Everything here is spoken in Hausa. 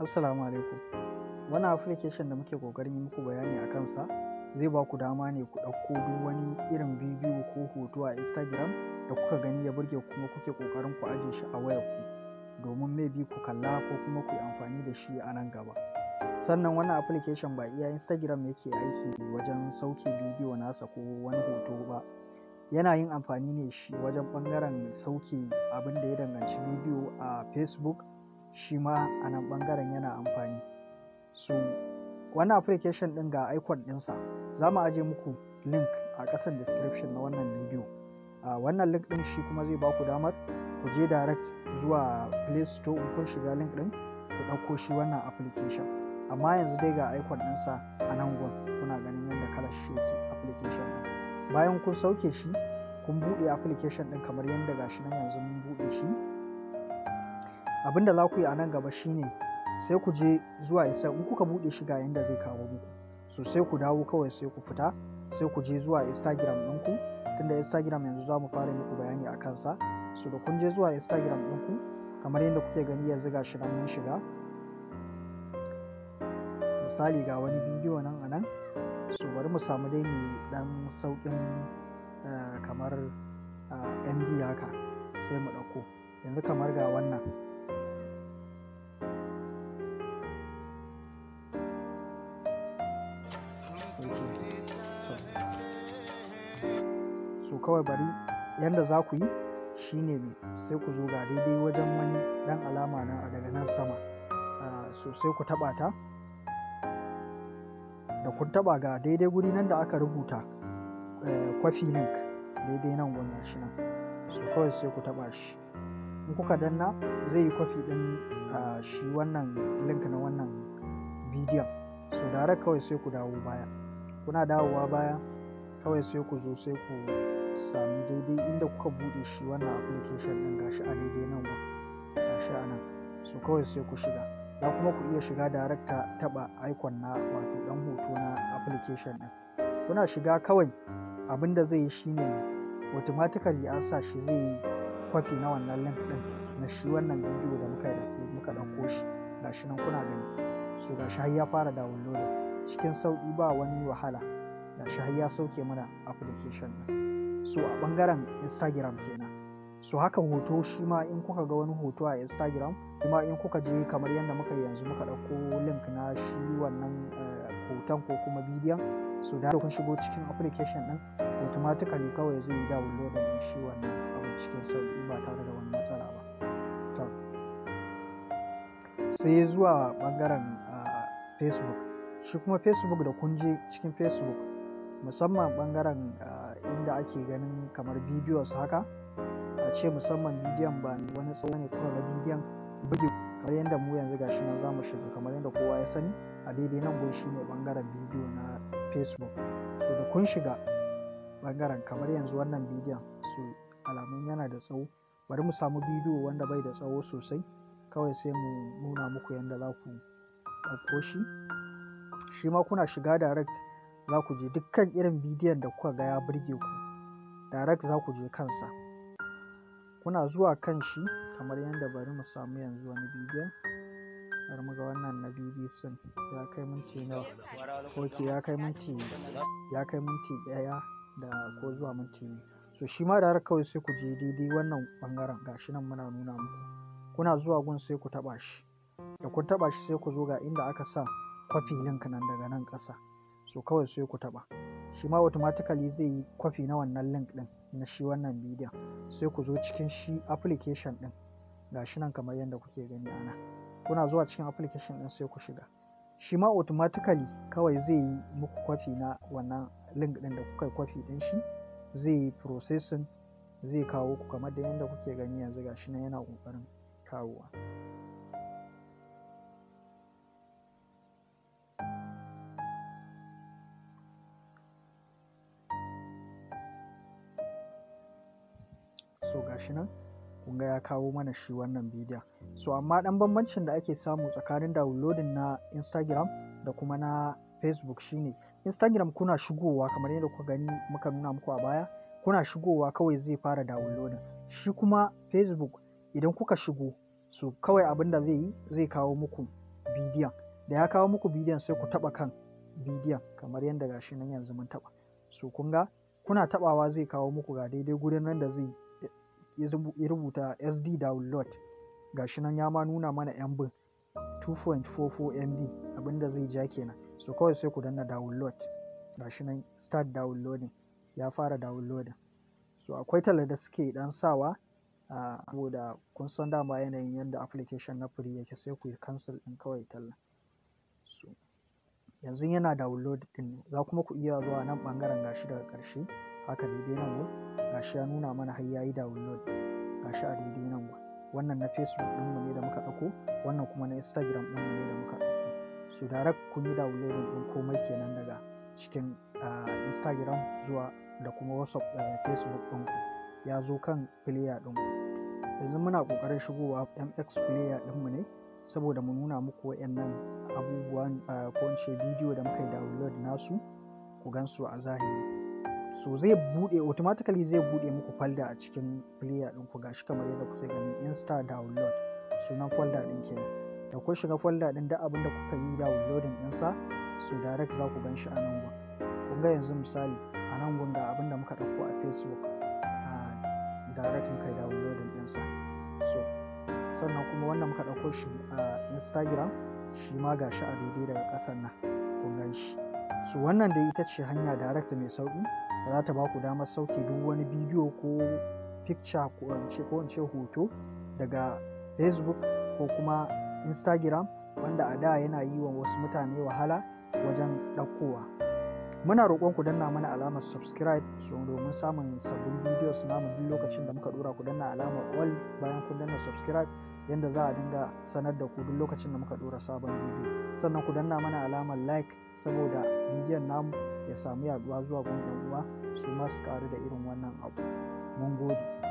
Assalamu alaikum. wani application da muke kokarin yi muku bayani a kansa zai ba ku dama ne ku ɗauko duk wani irin bidiyo ko hoto a Instagram da kuka gani ya burge kuma kuke kokarin ku ajiye shi a wayar ku domin maybe ku kalla ko kuma ku yi amfani da shi a nan gaba. sannan wannan application ba iya instagram yake aiki wajen sauke bidiyo nasa ko wani hoto ba yana yin amfani ne shi wajen bangaren sauke abin da ya danganci bidiyo a facebook shi ma a nan bangaren yana amfani so wannan application din ga icon ɗinsa za mu aje muku link a ƙasan description na wannan bidiyo a wannan link ɗin shi kuma zai baku damar ku je direct zuwa play store kun shiga link din ku ɗauko shi wannan application amma yanzu dai ga aikon ɗinsa a nan gun kuna ganin yadda kalar shi yake application ɗin bayan kun sauke shi kun buɗe application ɗin kamar yadda shi nan yanzu mun buɗe shi abinda za ku yi a nan gaba shine sai ku je zuwa isa in kuka buɗe shi ga yadda zai kawo muku so sai ku dawo kawai sai ku fita sai ku je zuwa instagram ɗinku tunda instagram yanzu za mu fara muku bayani a kansa so da kun je zuwa instagram ɗinku kamar yadda kuke gani yanzu gashi nan mun shiga misali ga wani bidiyo nan a nan so bari mu samu dai mai dan saukin eh, kamar eh, mb haka sai mu ɗauko yanzu kamar ga wannan so kawai bari yadda za ku yi shine sai ku zo ga daidai wajen wani dan alama na a daga nan sama eh, so sai ku taɓa ta da kun taba ga daidai guri nan da aka rubuta eh, kwafi link daidai nan wannan shi nan so kawai sai ku taba shi in kuka danna zai yi kwafi din ah, shi wannan link na wannan bidiyon so dare kawai sai ku dawo baya kuna dawowa baya kawai sai ku zo sai ku sami daidai inda kuka buɗe shi wannan application ɗin gashi a daidai nan gashi a nan so kawai sai ku shiga za kuma ku iya shiga darakta taba icon na wato dan hoto na application din kuna shiga kawai abin da zai yi shine automatically an sa shi zai yi kwafi na wannan link din na shi wannan bidiyo da muka yi da su muka ɗauko shi gashi nan kuna gani so gashi har ya fara download cikin sauki ba wani wahala gashi har ya sauke mana application din so a ɓangaren instagram kenan su hakan hoto shi ma in kuka ga wani hoto a instagram kuma in kuka je kamar yadda muka yanzu muka ɗauko link na shi wannan eh, hoton ko kuma bidiyon su da kun shigo cikin application ɗin automatically kawai zai yi download da shi wannan abin cikin sauƙi ba tare da wani matsala ba sai zuwa bangaren ah, facebook shi kuma facebook da kun je cikin facebook musamman bangaren ah, inda ake ganin kamar bidiyos haka a ce musamman bidiyon ba ne wani tsawo ne kuma na bidiyon bugi kamar yadda mu yanzu gashi nan mu shiga kamar yadda kowa ya sani a daidai nan gun ne bangaren bidiyo na facebook so da kun shiga bangaren kamar yanzu wannan bidiyon su alamun yana da tsawo bari mu samu bidiyo wanda bai da tsawo sosai kawai sai mu nuna muku yadda za ku ɗauko shi shi ma kuna shiga direct za ku je dukkan irin bidiyon da kuka ga ya burge ku direct za ku je kansa kuna zuwa kan shi kamar yadda bari mu samu yanzu wani bidiyon bari mu ga wannan na bbc ya kai minti nawa ok ya kai minti ya kai minti daya da ko zuwa minti ne so shi ma da har kawai sai ku je daidai wannan bangaren gashi nan muna nuna muku kuna zuwa gun sai ku taba shi da kun taba shi sai ku zo ga inda aka sa kwafi link nan daga nan kasa so kawai sai ku taba shi ma automatically zai yi kwafi na wannan link din na shi wannan bidiyon sai ku zo cikin shi application ɗin ga shi nan kamar yadda kuke gani ana kuna zuwa cikin application ɗin sai ku shiga shi ma automatically kawai zai yi muku kwafi na wannan link ɗin da kuka kwafi ɗin shi zai yi processing zai kawo ku kamar da yadda kuke gani yanzu ga shi nan yana ƙoƙarin kawowa so gashi nan kun ya kawo mana shi wannan bidiyon so amma dan bambancin da ake samu tsakanin downloadin na instagram da kuma na facebook shine instagram kuna shigowa kamar yadda kuka gani muka nuna muku a baya kuna shigowa kawai zai fara downloading shi kuma facebook idan kuka shigo so kawai abin da zai yi zai kawo muku bidiyon da ya kawo muku bidiyon sai ku taba kan bidiyon kamar yadda gashi nan yanzu mun taba so kun kuna tabawa zai kawo muku ga daidai gudanar da zai ya rubuta sd download gashi nan ya ma nuna mana mb 2.44 mb abinda zai ja kenan so kawai sai ku danna download gashi nan start downloading ya fara downloading so akwai talar da suke dan sawa saboda kun san dama yanayin yadda application na free yake sai ku yi cancel din kawai talla yanzu yana download din za kuma ku iya zuwa nan bangaren gashi daga karshe haka daidai nan ga gashi ya nuna mana har yayi download gashi a daidai nan gun wannan na facebook ɗinmu ne da muka ɗauko wannan kuma na instagram ɗinmu ne da muka ɗauko su darak kun yi download ɗin komai kenan daga cikin ah, instagram zuwa da kuma whatsapp eh, facebook ku ya zo kan player ɗin yanzu muna ƙoƙarin shigowa mx player ɗinmu ne saboda mu nuna muku wayannan abubuwan ah, ko in bidiyo da muka yi download nasu ku gan su a zahiri so zai bude automatically zai bude muku folder a cikin player ɗinku gashi kamar yadda kuke gani insta download sunan folder ɗin kenan da ku shiga folder ɗin da abin da kuka yi downloading ɗinsa so direct za ku gan a nan gun kun ga yanzu misali a nan gun ga abin da muka ɗauko a facebook a ah, direct muka yi downloading ɗinsa so sannan kuma wannan muka ɗauko shi a instagram shi ma gashi a daidai daga ƙasan nan kun gan shi so wannan dai ita ce hanya direct mai sauƙi ba za ta ba damar sauke duk wani bidiyo ko picture ko in ce hoto daga facebook ko kuma instagram wanda a da yana yi wa wasu mutane wahala wajen ɗaukowa muna roƙon ku danna mana alamar subscribe so domin samun sabbin bidiyos namu duk lokacin da muka ɗora ku danna alamar all bayan ku danna subscribe yadda za a dinga sanar da ku duk lokacin da muka ɗora sabon bidiyo sannan ku danna mana alamar like saboda bidiyon namu ya samu yaduwa zuwa gungun uwa su masu karu da irin wannan abu mun gode